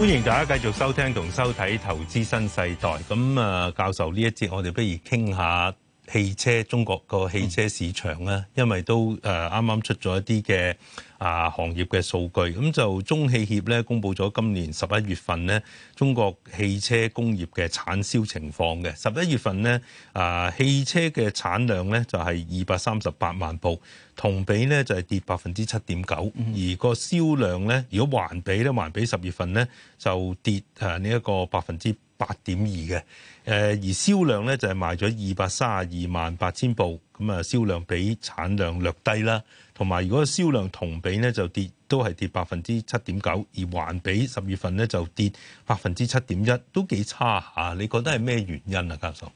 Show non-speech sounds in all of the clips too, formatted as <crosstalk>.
歡迎大家繼續收聽同收睇《投資新世代》。咁啊，教授呢一節，我哋不如傾下。汽車中國個汽車市場咧，因為都誒啱啱出咗一啲嘅啊行業嘅數據，咁就中汽協咧公佈咗今年十一月份咧中國汽車工業嘅產銷情況嘅。十一月份咧啊汽車嘅產量咧就係二百三十八萬部，同比咧就係跌百分之七點九，而個銷量咧如果環比咧環比十月份咧就跌誒呢一個百分之。八點二嘅，誒而銷量咧就係賣咗二百三十二萬八千部，咁啊銷量比產量略低啦，同埋如果銷量同比咧就跌，都係跌百分之七點九，而環比十月份咧就跌百分之七點一，都幾差嚇，你覺得係咩原因啊，教授？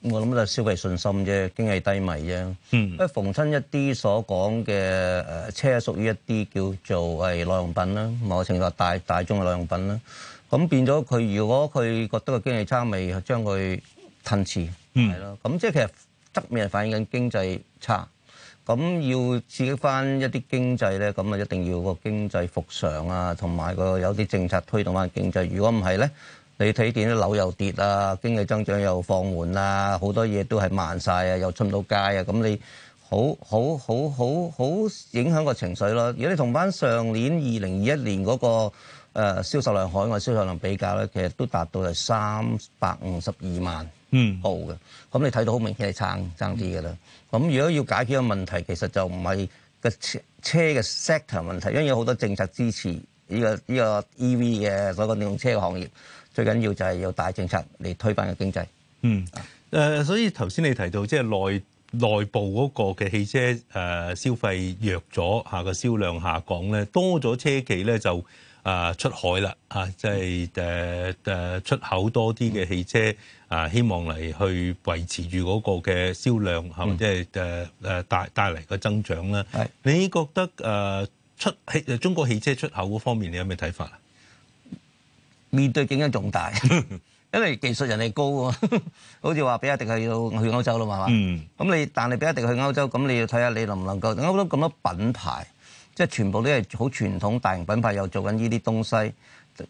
我諗就消費信心啫，經濟低迷啫，嗯，咁逢親一啲所講嘅誒車屬於一啲叫做係耐用品啦，某程度大大宗嘅耐用品啦。咁變咗佢，如果佢覺得個經濟差，咪將佢吞噬，係咯？咁即係其實側面反映緊經濟差。咁要刺激翻一啲經濟咧，咁啊一定要個經濟復常啊，同埋個有啲政策推動翻經濟。如果唔係咧，你睇點？樓又跌啊，經濟增長又放緩啊，好多嘢都係慢曬啊，又出唔到街啊。咁你好好好好好影響個情緒咯。如果你同翻上年二零二一年嗰個。誒、呃、銷售量海外銷售量比較咧，其實都達到係三百五十二萬部嘅。咁、嗯、你睇到好明顯係爭爭啲嘅啦。咁、嗯、如果要解決嘅問題，其實就唔係個車車嘅 sector 問題，因為有好多政策支持呢、呢個呢、呢個 EV 嘅嗰個電動車嘅行業。最緊要就係有大政策嚟推翻嘅經濟。嗯。誒、啊呃，所以頭先你提到即係內內部嗰個嘅汽車誒、呃、消費弱咗，下個銷量下降咧，多咗車企咧就。就就就就啊，出海啦！啊，即係誒誒，出口多啲嘅汽車啊，希望嚟去維持住嗰個嘅銷量，係即係誒誒，帶帶嚟嘅增長啦。是你覺得誒、啊、出中國汽車出口嗰方面，你有咩睇法啊？面對競爭仲大， <laughs> 因為技術人哋高喎， <laughs> 好似話比亞迪去到去歐洲啦嘛，嘛。咁你但係比亞迪去歐洲，咁、嗯、你，你要睇下你能唔能夠歐洲咁多品牌。即係全部都係好傳統大型品牌，又做緊呢啲東西。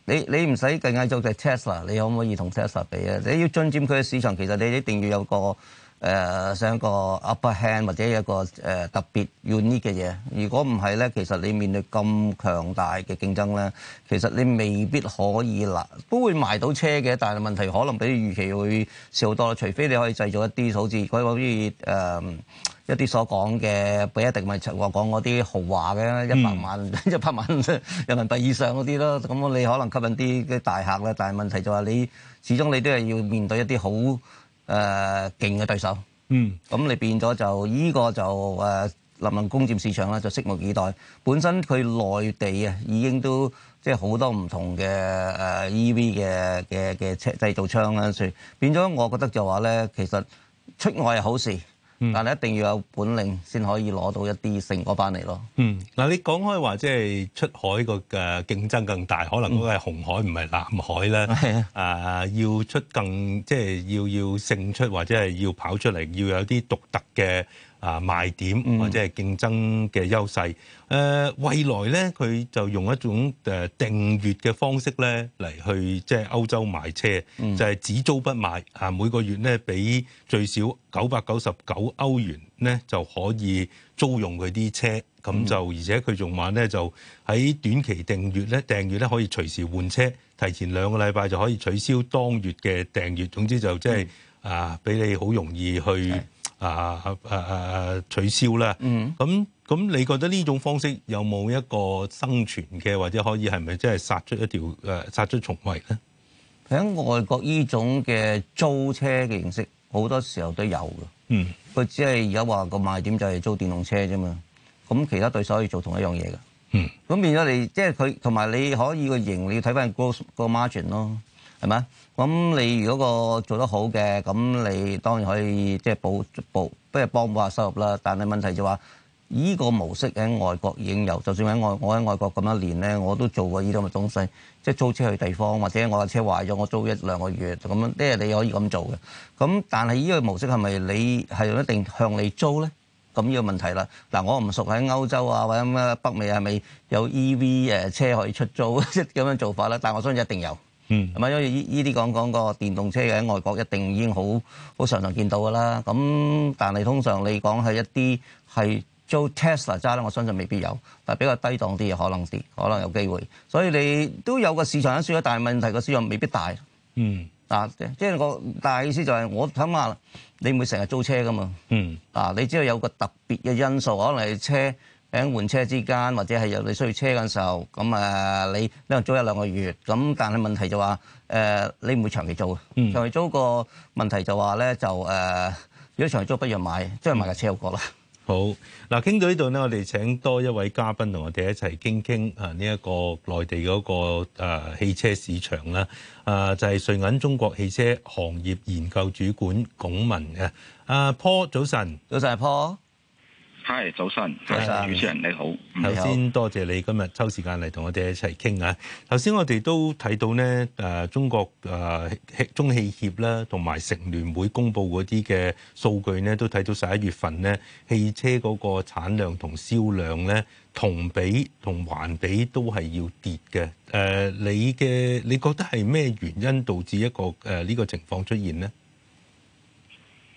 你你唔使計叫做就係 Tesla，你可唔可以同 Tesla 比啊？你要進佔佢嘅市場，其實你一定要有個。誒上、uh, 一個 upper hand 或者一個誒、uh, 特別 unique 嘅嘢，如果唔係咧，其實你面對咁強大嘅競爭咧，其實你未必可以拿，都會賣到車嘅，但係問題可能比預期會少多。除非你可以製造一啲，好似嗰啲好似誒一啲所講嘅，不一定咪話講嗰啲豪華嘅一百萬、一百、mm. <laughs> 萬人民幣以上嗰啲咯。咁你可能吸引啲啲大客啦，但係問題就係你始終你都係要面對一啲好。誒勁嘅對手，嗯，咁你變咗就呢、這個就誒臨臨攻佔市場啦，就拭目以待。本身佢內地啊已經都即係好多唔同嘅誒、呃、EV 嘅嘅嘅車製造商啦，所以變咗我覺得就話咧，其實出外係好事。但係一定要有本領先可以攞到一啲成果翻嚟咯。嗯，嗱你講開話即係出海個誒競爭更大，可能嗰個係紅海唔係藍海啦。係啊、嗯，啊、呃、要出更即係要要勝出或者係要跑出嚟，要有啲獨特嘅。啊，賣點或者係競爭嘅優勢。誒、呃，蔚來咧，佢就用一種誒訂閲嘅方式咧嚟去即係歐洲賣車，嗯、就係只租不賣。啊，每個月咧俾最少九百九十九歐元咧就可以租用佢啲車。咁就而且佢仲話咧就喺短期訂閲咧訂閲咧可以隨時換車，提前兩個禮拜就可以取消當月嘅訂閲。總之就即、就、係、是嗯、啊，俾你好容易去。啊啊啊啊取消啦！咁咁、嗯，你覺得呢種方式有冇一個生存嘅，或者可以係咪即係殺出一條誒殺出重圍咧？喺外國依種嘅租車嘅形式，好多時候都有嘅。嗯，佢只係而家話個賣點就係租電動車啫嘛。咁其他對手可以做同一樣嘢㗎。嗯，咁變咗你，即係佢同埋你可以個營，你要睇翻個個 margin 咯。係嘛？咁你如果個做得好嘅，咁你當然可以即係補補，即係幫補下收入啦。但係問題就話、是、依、依個模式喺外國已經有，就算喺外我喺外國咁多年咧，我都做過呢啲咁嘅東西，即係租車去地方，或者我架車壞咗，我租一兩個月就咁樣，即係你可以咁做嘅。咁但係依個模式係咪你係用一定向你租咧？咁呢個問題啦。嗱，我唔熟喺歐洲啊，或者咩北美係、啊、咪有 E V 誒車可以出租即咁樣做法咧？但係我相信一定有。嗯，咁啊，因為依依啲講講個電動車嘅喺外國一定已經好好常常見到噶啦。咁但係通常你講係一啲係租 Tesla 揸咧，我相信未必有，但係比較低檔啲嘅可能啲，可能有機會。所以你都有個市場喺度，但係問題個需要未必大。嗯，啊，即係個大意思就係我諗下你唔會成日租車噶嘛。嗯，啊，你只要有個特別嘅因素，可能係車。喺換車之間，或者係有你需要車嘅時候，咁啊，你可能租一兩個月。咁但係問題就話、是，誒、呃、你唔會長期租，長期租個問題就話、是、咧，就、呃、誒如果長期租，不如買，即係買架車好過啦。好，嗱，傾到呢度咧，我哋請多一位嘉賓同我哋一齊傾傾啊，呢一個內地嗰個汽車市場啦，誒就係、是、瑞銀中國汽車行業研究主管鞏旻嘅。誒，阿 Paul 早晨，早晨阿 Paul。係早晨，早晨，主持人你好。首先多謝你今日抽時間嚟同我哋一齊傾啊。頭先我哋都睇到咧，誒、呃、中國誒、呃、中汽協啦，同埋乘聯會公布嗰啲嘅數據咧，都睇到十一月份咧汽車嗰個產量同銷量咧同比同環比都係要跌嘅。誒、呃，你嘅你覺得係咩原因導致一個誒呢、呃這個情況出現咧？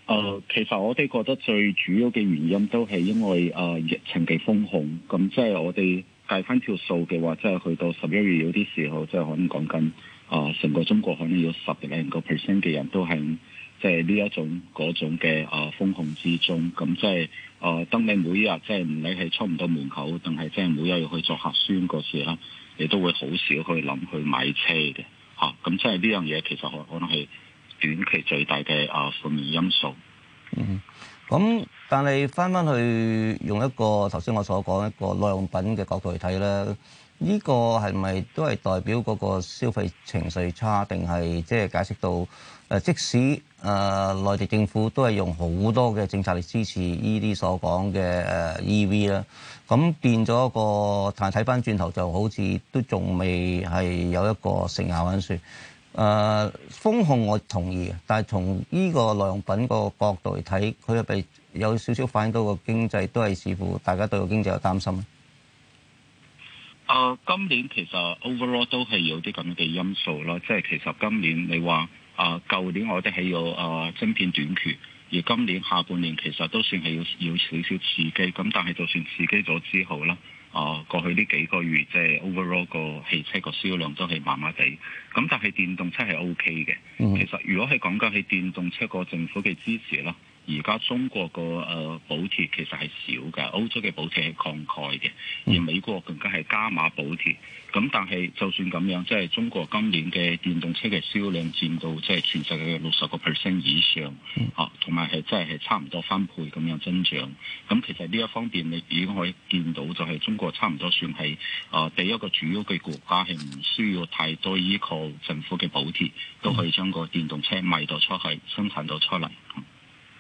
誒、呃，其實我哋覺得最主要嘅原因都係因為誒、呃、疫情嘅封控，咁、嗯、即係我哋計翻條數嘅話，即係去到十一月有啲時候，即係可能講緊誒成個中國可能有十零個 percent 嘅人都係即係呢一種嗰種嘅誒封控之中，咁、嗯、即係誒當你每日即係唔理係出唔到門口，定係即係每日要去做核酸嗰時啦，你都會好少去諗去買車嘅，嚇、啊，咁、嗯、即係呢樣嘢其實可可能係。短期最大嘅啊負面因素。嗯，咁、嗯、但係翻翻去用一個頭先我所講一個耐用品嘅角度嚟睇咧，呢、這個係咪都係代表嗰個消費情緒差，定係即係解釋到誒、呃？即使誒內、呃、地政府都係用好多嘅政策嚟支持呢啲所講嘅誒 EV 啦、啊，咁變咗個但係睇翻轉頭就好似都仲未係有一個成效咁算。誒封、uh, 控我同意，但係從呢個耐用品個角度嚟睇，佢係被有少少反映到個經濟都係似乎大家對個經濟有擔心。誒，uh, 今年其實 overall 都係有啲咁嘅因素啦，即係其實今年你話誒舊年我哋係有誒、uh, 晶片短缺，而今年下半年其實都算係有有少少刺激，咁但係就算刺激咗之後啦。哦，過去呢幾個月即係 overall 個汽車個銷量都係麻麻哋，咁但係電動車係 OK 嘅。其實如果係講緊係電動車個政府嘅支持咯。而家中國個誒補貼其實係少嘅，歐洲嘅補貼係慷慨嘅，而美國更加係加碼補貼。咁但係就算咁樣，即係中國今年嘅電動車嘅銷量佔到即係全世界嘅六十個 percent 以上，嚇，同埋係即係差唔多翻倍咁樣增長。咁其實呢一方面，你已經可以見到，就係中國差唔多算係誒、呃、第一個主要嘅國家，係唔需要太多依靠政府嘅補貼，都可以將個電動車賣到出去，生產到出嚟。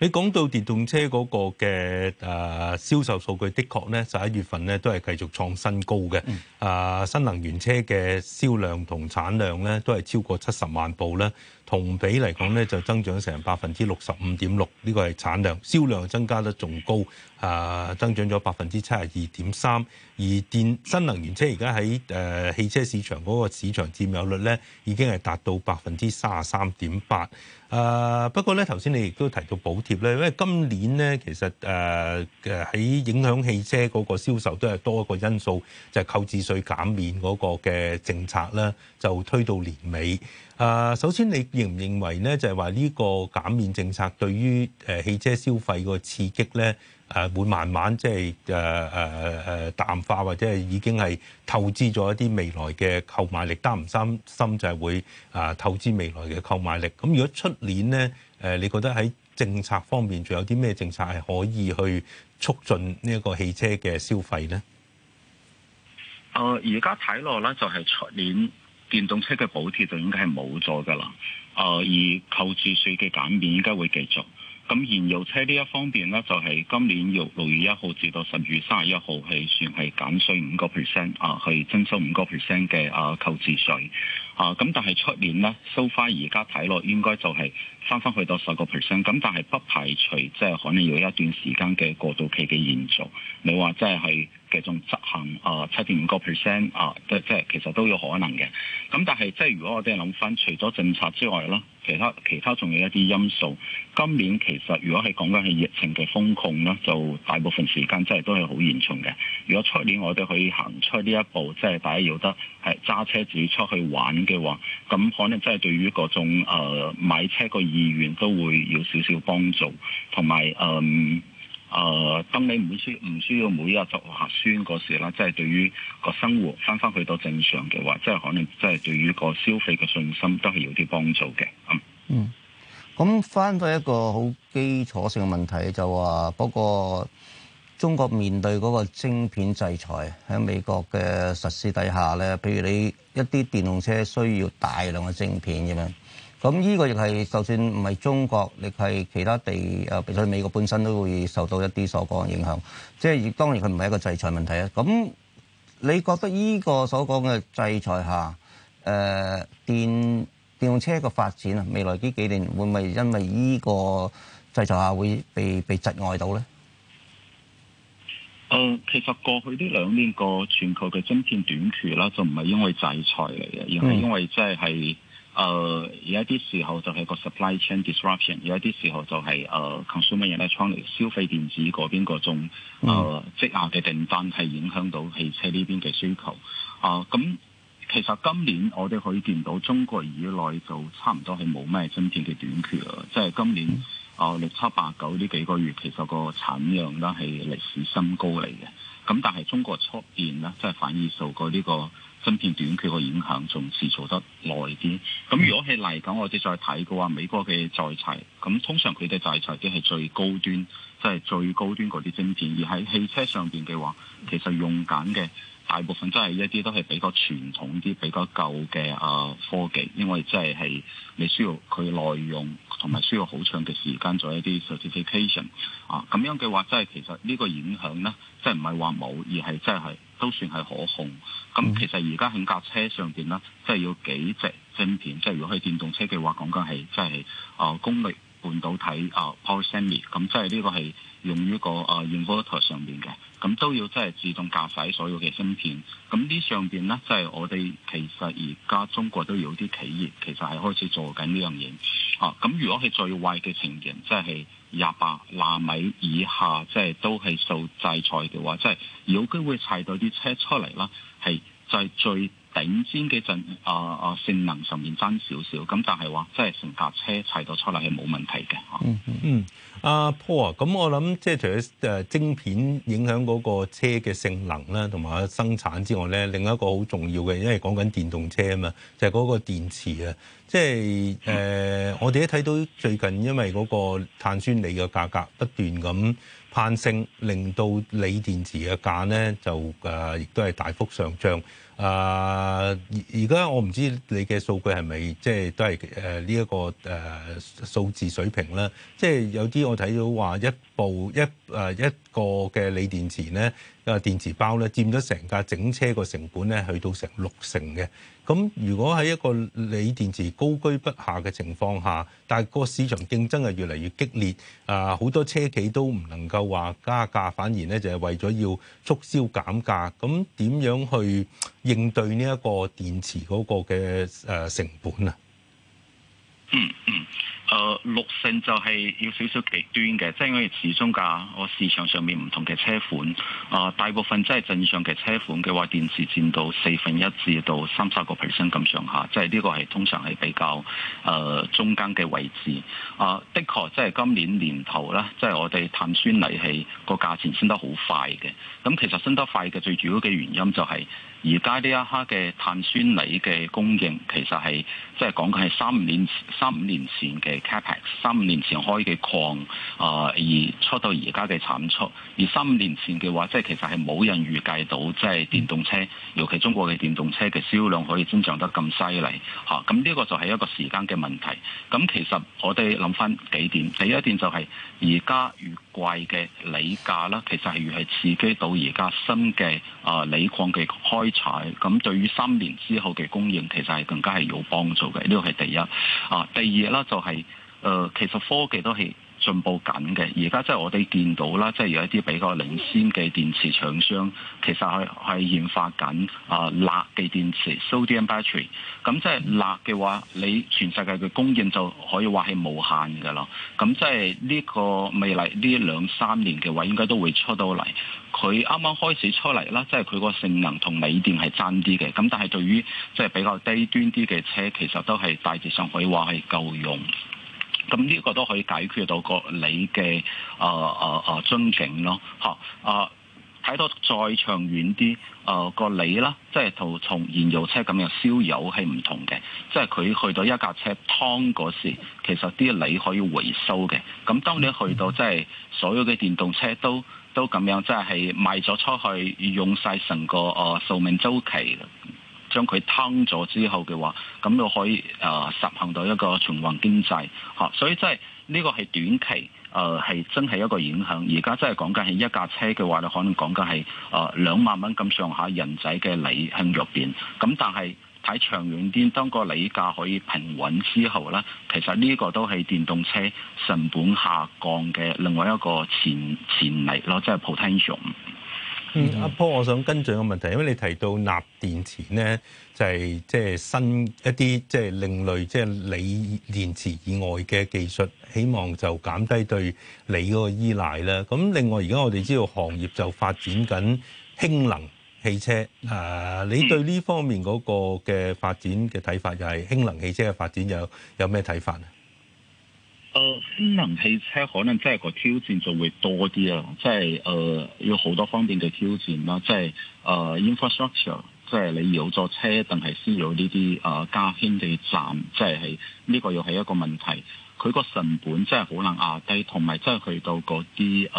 你講到電動車嗰個嘅誒銷售數據，的確呢，十一月份呢都係繼續創新高嘅。誒新能源車嘅銷量同產量呢，都係超過七十萬部呢。同比嚟講呢，就增長成百分之六十五點六。呢個係產量，銷量增加得仲高，誒增長咗百分之七十二點三。而電新能源車而家喺誒汽車市場嗰個市場佔有率呢，已經係達到百分之三十三點八。誒不過呢，頭先你亦都提到補。咧，因為今年咧，其實誒誒喺影響汽車嗰個銷售都係多一個因素，就係購置稅減免嗰個嘅政策咧，就推到年尾。誒，首先你認唔認為咧，就係話呢個減免政策對於誒汽車消費個刺激咧，誒會慢慢即係誒誒誒淡化，或者係已經係透支咗一啲未來嘅購買力？擔唔擔心就係會啊透支未來嘅購買力？咁如果出年咧，誒你覺得喺政策方面仲有啲咩政策係可以去促進呢一個汽車嘅消費呢？誒、呃，而家睇落咧就係出年電動車嘅補貼就應該係冇咗噶啦。誒、呃，而購置稅嘅減免應該會繼續。咁燃油車呢一方面呢，就係、是、今年由六月一號至到十月三十一號，係算係減稅五個 percent，啊，係徵收五個 percent 嘅啊購置稅，啊，咁、啊啊、但係出年呢 so far 而家睇落應該就係翻翻去到十個 percent，咁但係不排除即係、就是、可能要一段時間嘅過渡期嘅延續。你話即係？嘅仲執行啊七點五個 percent 啊，即即係其實都有可能嘅。咁但係即係如果我哋諗翻，除咗政策之外啦，其他其他仲有一啲因素。今年其實如果係講緊係疫情嘅風控啦，就大部分時間真係都係好嚴重嘅。如果出年我哋可以行出呢一步，即係大家有得係揸車自己出去玩嘅話，咁可能真係對於嗰種誒、呃、買車個意願都會有少少幫助，同埋嗯。呃誒，當、呃、你唔需唔需要每日做核酸嗰時啦，即係對於個生活翻返去到正常嘅話，即係可能即係對於個消費嘅信心都係有啲幫助嘅。嗯，嗯，咁翻到一個好基礎性嘅問題就話，不過中國面對嗰個晶片制裁喺美國嘅實施底下咧，譬如你一啲電動車需要大量嘅晶片嘅咩？咁呢個亦係，就算唔係中國，亦係其他地，誒、呃，譬如美國本身都會受到一啲所講嘅影響。即係當然佢唔係一個制裁問題啊。咁你覺得呢個所講嘅制裁下，誒、呃、電電動車嘅發展啊，未來呢幾幾年會唔會因為呢個制裁下會被被窒礙到咧？誒、嗯，其實過去呢兩年個全球嘅晶片短缺啦，就唔係因為制裁嚟嘅，而係因為即係。誒、uh, 有一啲時候就係個 supply chain disruption，有一啲時候就係、是、誒、uh, consumer electronics 消費電子嗰邊嗰種誒積壓嘅訂單係影響到汽車呢邊嘅需求。啊、uh，咁其實今年我哋可以見到中國以內就差唔多係冇咩真正嘅短缺啦，即、就、係、是、今年啊六七八九呢幾個月其實個產量咧係歷史新高嚟嘅，咁但係中國出邊咧即係反而受過呢、這個。芯片短缺個影響仲持續得耐啲，咁如果係嚟緊我哋再睇嘅話，美國嘅制裁，咁通常佢哋制裁啲係最高端，即係最高端嗰啲晶片。而喺汽車上邊嘅話，其實用緊嘅大部分都係一啲都係比較傳統啲、比較舊嘅啊科技，因為即係係你需要佢耐用，同埋需要好長嘅時間做一啲 certification 啊。咁樣嘅話即係其實呢個影響咧，即係唔係話冇，而係即係。都算係可控，咁其實而家喺架車上邊呢，即係要幾隻芯片，即係如果係電動車嘅話，講緊係即係啊功率半導體啊，Power Semi，咁即係呢個係用於個啊 inverter 上邊嘅，咁都要即係自動駕駛所有嘅芯片，咁呢上邊呢，即係我哋其實而家中國都有啲企業其實係開始做緊呢樣嘢，嚇，咁如果係最壞嘅情形，即係。廿八納米以下，即係都係受制裁嘅話，即係有機會踩到啲車出嚟啦，係就係最。頂先嘅陣啊，啊性能上面爭少少，咁但係話即係成架車砌到出嚟，係冇問題嘅。嗯嗯啊，uh，Paul，咁我諗即係除咗誒晶片影響嗰個車嘅性能啦，同埋生產之外咧，另一個好重要嘅，因為講緊電動車啊嘛，就係嗰個電池啊，即係誒我哋都睇到最近因為嗰個碳酸鋰嘅價格不斷咁。攀升令到鋰電池嘅價咧就誒、呃、亦都係大幅上漲。誒而而家我唔知你嘅數據係咪即係都係誒呢一個誒數、呃、字水平咧？即係有啲我睇到話一部一誒、呃、一個嘅鋰電池咧誒電池包咧佔咗成架整車個成本咧去到成六成嘅。咁如果喺一個鋰電池高居不下嘅情況下，但係個市場競爭係越嚟越激烈，啊、呃，好多車企都唔能夠。又話加價，反而咧就係為咗要促銷減價。咁點樣去應對呢一個電池嗰個嘅誒成本啊？嗯嗯，誒、呃、六成就係要少少極端嘅，即係因為始終價，我市場上面唔同嘅車款，啊、呃、大部分即係正常嘅車款嘅話，電池佔到四分一至到三十個 percent 咁上下，即係呢個係通常係比較誒、呃、中間嘅位置。啊、呃，的確，即係今年年頭啦，即係我哋碳酸鋰嗰個價錢升得好快嘅，咁其實升得快嘅最主要嘅原因就係、是。而家呢一刻嘅碳酸鋰嘅供應，其實係即係講緊係三五年三五年前嘅 CapEx，三五年前開嘅礦，啊、呃，而出到而家嘅產出，而三五年前嘅話，即係其實係冇人預計到，即係電動車，尤其中國嘅電動車嘅銷量可以增長得咁犀利吓。咁、啊、呢個就係一個時間嘅問題。咁其實我哋諗翻幾點，第一點就係、是。而家越貴嘅鋰價啦，其實係越係刺激到而家新嘅啊鋰礦嘅開採，咁對於三年之後嘅供應其實係更加係有幫助嘅，呢個係第一。啊，第二啦就係、是，誒、呃、其實科技都係進步緊嘅，而家即係我哋見到啦，即係有一啲比較領先嘅電池廠商，其實係係研發緊啊鈉嘅電池 （sodium battery）。咁即係鈉嘅話，你全世界嘅供應就可以話係無限嘅咯。咁即係呢個未來呢兩三年嘅話，應該都會出到嚟。佢啱啱開始出嚟啦，即係佢個性能同鋰電係爭啲嘅。咁但係對於即係比較低端啲嘅車，其實都係大致上可以話係夠用。咁呢個都可以解決到個鋰嘅，呃、啊啊啊樽頸咯。嚇啊睇到再長遠啲啊，呃那個鋰啦，即係同同燃油車咁樣燒油係唔同嘅，即係佢去到一架車劏嗰時，其實啲鋰可以回收嘅。咁當你去到即係所有嘅電動車都都咁樣，即係賣咗出去用晒成個啊壽命週期，將佢劏咗之後嘅話，咁就可以誒、呃、實行到一個循環經濟嚇、啊，所以即係呢個係短期誒係、呃、真係一個影響。而家真係講緊係一架車嘅話，你可能講緊係誒兩萬蚊咁上下人仔嘅理向入邊。咁但係睇長遠啲，當個鋰價可以平穩之後呢，其實呢個都係電動車成本下降嘅另外一個潛潛力咯，即係 potential。嗯，阿波、mm，hmm. uh, Paul, 我想跟進個問題，因為你提到鈉電池咧，就係即係新一啲即係另類即係鋰電池以外嘅技術，希望就減低對鋰嗰個依賴啦。咁另外，而家我哋知道行業就發展緊氫能汽車啊，你對呢方面嗰個嘅發展嘅睇法，就係氫能汽車嘅發展有有咩睇法咧？誒、啊，新能源汽車可能即係個挑戰就會多啲啊！即係誒，要、呃、好多方面嘅挑戰啦，即、就、係、是、誒、呃、infrastructure，即係你有咗車，定係先有呢啲誒加氫嘅站，即係呢個又係一個問題。佢個成本真係好難壓低，同埋真係去到嗰啲誒誒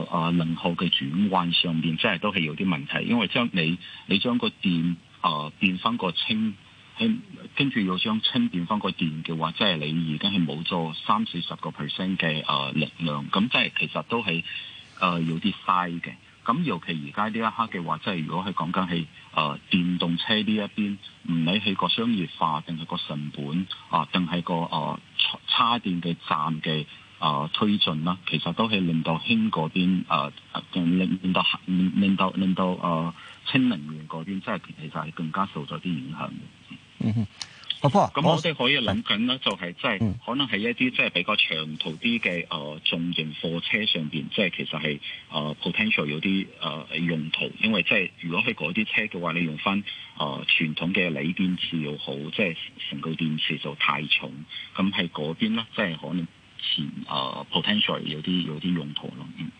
誒能耗嘅轉換上邊，真係都係有啲問題。因為將你你將個電誒變翻個氫。跟住要將清電返個電嘅話，即係你已經係冇咗三四十個 percent 嘅誒力量，咁即係其實都係誒、呃、有啲嘥嘅。咁尤其而家呢一刻嘅話，即係如果係講緊係誒電動車呢一邊，唔理係個商業化定係個成本啊，定係個誒叉、呃、電嘅站嘅誒、呃、推進啦，其實都係令到輕嗰邊、呃、令令到令到令到誒、呃、清能源嗰邊，即係其實係更加受咗啲影響嘅。嗯哼，阿咁我哋可以諗緊啦，就係即係可能係一啲即係比較長途啲嘅誒重型貨車上邊，即係其實係誒 potential 有啲誒用途，因為即係如果係嗰啲車嘅話，你用翻誒傳統嘅鋰電池又好，即係成個電池就太重，咁喺嗰邊啦，即係可能前誒 potential 有啲有啲用途咯。嗯。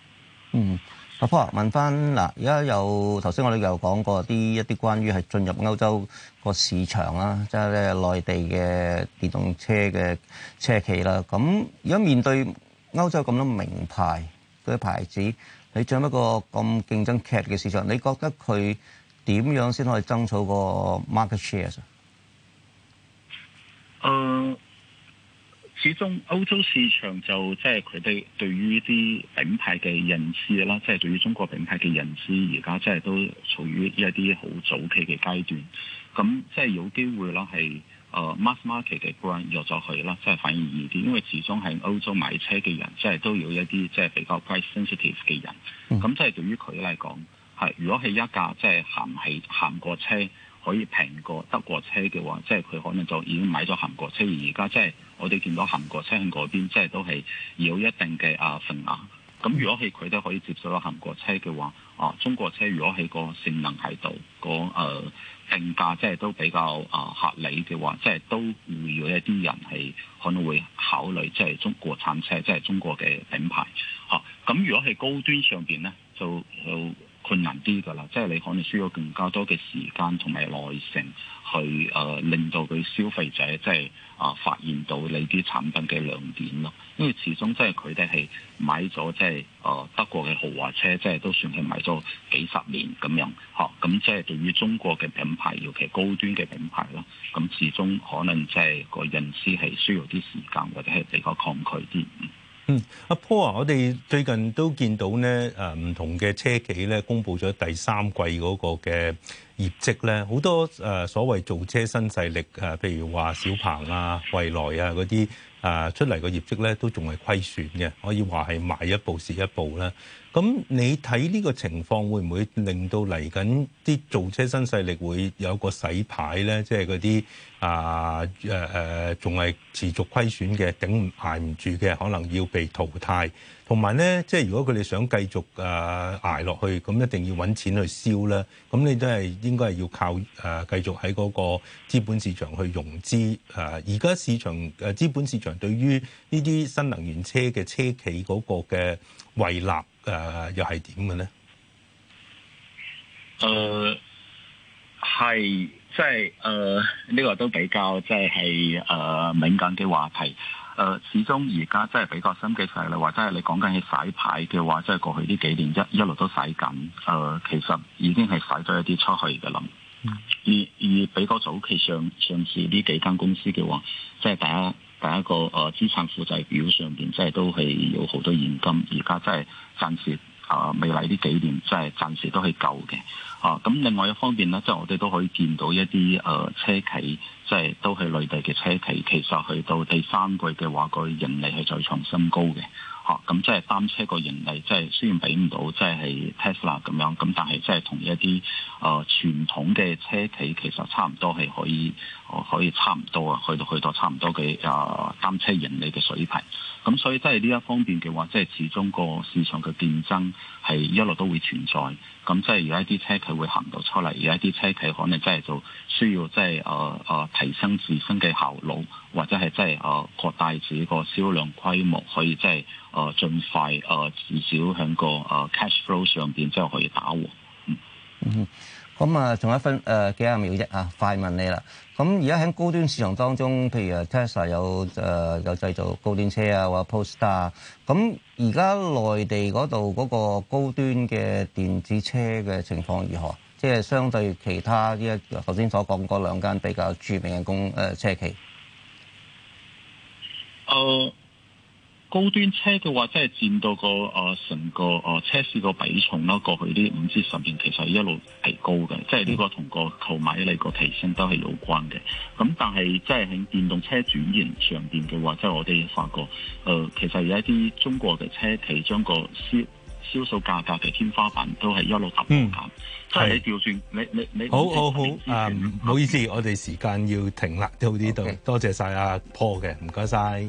嗯阿波，po，問翻嗱，而家有頭先我哋又講過啲一啲關於係進入歐洲個市場啦，即係咧內地嘅電動車嘅車企啦。咁如果面對歐洲咁多名牌嗰啲牌子，你掌握一個咁競爭劇嘅市場，你覺得佢點樣先可以爭取個 market shares 啊、uh？嗯。始終歐洲市場就即係佢哋對於啲品牌嘅認知啦，即係對於中國品牌嘅認知，而家即係都處於一啲好早期嘅階段。咁即係有機會啦，係、呃、誒 mass market 嘅個人約咗佢啦，即係反而易啲，因為始終係歐洲買車嘅人，即係都有一啲即係比較 price sensitive 嘅人。咁即係對於佢嚟講，係如果係一架即係行，行過車，可以平過德國車嘅話，即係佢可能就已經買咗韓國車。而家即係我哋見到韓國車喺嗰邊，即係都係有一定嘅啊份額。咁如果係佢都可以接受到韓國車嘅話，啊中國車如果係個性能喺度，個誒定價即係都比較啊合理嘅話，即係都會有一啲人係可能會考慮即係中國產車，即係中國嘅品牌。嚇、啊，咁如果係高端上邊咧，就就。困難啲噶啦，即係你可能需要更加多嘅時間同埋耐性去誒、呃，令到佢消費者即係啊、呃、發現到你啲產品嘅亮點咯。因為始終即係佢哋係買咗即係誒、呃、德國嘅豪華車，即係都算係買咗幾十年咁樣。好、嗯，咁即係對於中國嘅品牌，尤其高端嘅品牌咯，咁始終可能即係個認知係需要啲時間，或者係比較抗拒啲。嗯，阿 Paul，我哋最近都見到咧，誒唔同嘅車企咧，公布咗第三季嗰個嘅業績咧，好多誒所謂造車新勢力啊，譬如話小鵬啊、蔚來啊嗰啲。啊！出嚟個業績咧都仲係虧損嘅，可以話係賣一部蝕一部啦。咁你睇呢個情況會唔會令到嚟緊啲造車新勢力會有一個洗牌咧？即係嗰啲啊誒誒，仲係持續虧損嘅，頂唔捱唔住嘅，可能要被淘汰。同埋咧，即係如果佢哋想繼續啊捱落去，咁一定要揾錢去燒啦。咁你都係應該係要靠誒、呃、繼續喺嗰個資本市場去融資誒。而、呃、家市場誒資本市場對於呢啲新能源車嘅車企嗰個嘅維納誒、呃，又係點嘅咧？誒、呃，係即係誒，呢、就是呃這個都比較即係誒敏感嘅話題。誒、呃，始終而家真係比較心機細你或真係你講緊起洗牌嘅話，即係過去呢幾年一一路都洗緊。誒、呃，其實已經係洗咗一啲出去嘅啦。而而比較早期上上市呢幾間公司嘅話，即係第一第一個誒資產負債表上邊，即係都係有好多現金。而家真係暫時。啊，未來呢幾年即係暫時都係夠嘅，啊，咁另外一方面咧，即係我哋都可以見到一啲誒、呃、車企，即係都係內地嘅車企，其實去到第三季嘅話，佢盈利係再創新高嘅。咁、啊、即係單車個盈利，即係雖然比唔到即係 Tesla 咁樣，咁但係即係同一啲誒、呃、傳統嘅車企其實差唔多係可以、呃，可以差唔多啊，去到去到差唔多嘅誒、呃、單車盈利嘅水平。咁所以即係呢一方面嘅話，即係始終個市場嘅競爭係一路都會存在。咁、嗯、即係而家啲車佢會行到出嚟，而家啲車佢可能真係就需要即係誒誒提升自身嘅效率，或者係即係誒擴大自己個銷量規模，可以即係誒盡快誒、呃、至少響個誒 cash flow 上邊之後可以打和。嗯。嗯。咁啊，仲、嗯、有一分，誒、呃、幾廿秒啫，啊，快問你啦！咁而家喺高端市場當中，譬如 Tesla 有誒、呃、有製造高端車啊，或者 Polestar，咁而家內地嗰度嗰個高端嘅電子車嘅情況如何？即、就、係、是、相對其他呢一頭先所講嗰兩間比較著名嘅公誒、呃、車企。哦、uh。高端車嘅話，即係佔到個啊成、呃、個啊、呃、車市個比重啦。過去呢五至十年其實一路提高嘅，嗯、即係呢個同個購買力個提升都係有關嘅。咁、嗯、但係即係喺電動車轉型上邊嘅話，即係我哋發覺，誒、呃、其實有一啲中國嘅車企將個銷銷售價格嘅天花板都係一路突破緊。嗯，即係你調轉，是你你你好你好你好啊，唔好、um, 意思，我哋時間要停啦，到呢度多謝晒阿 Paul 嘅，唔該晒。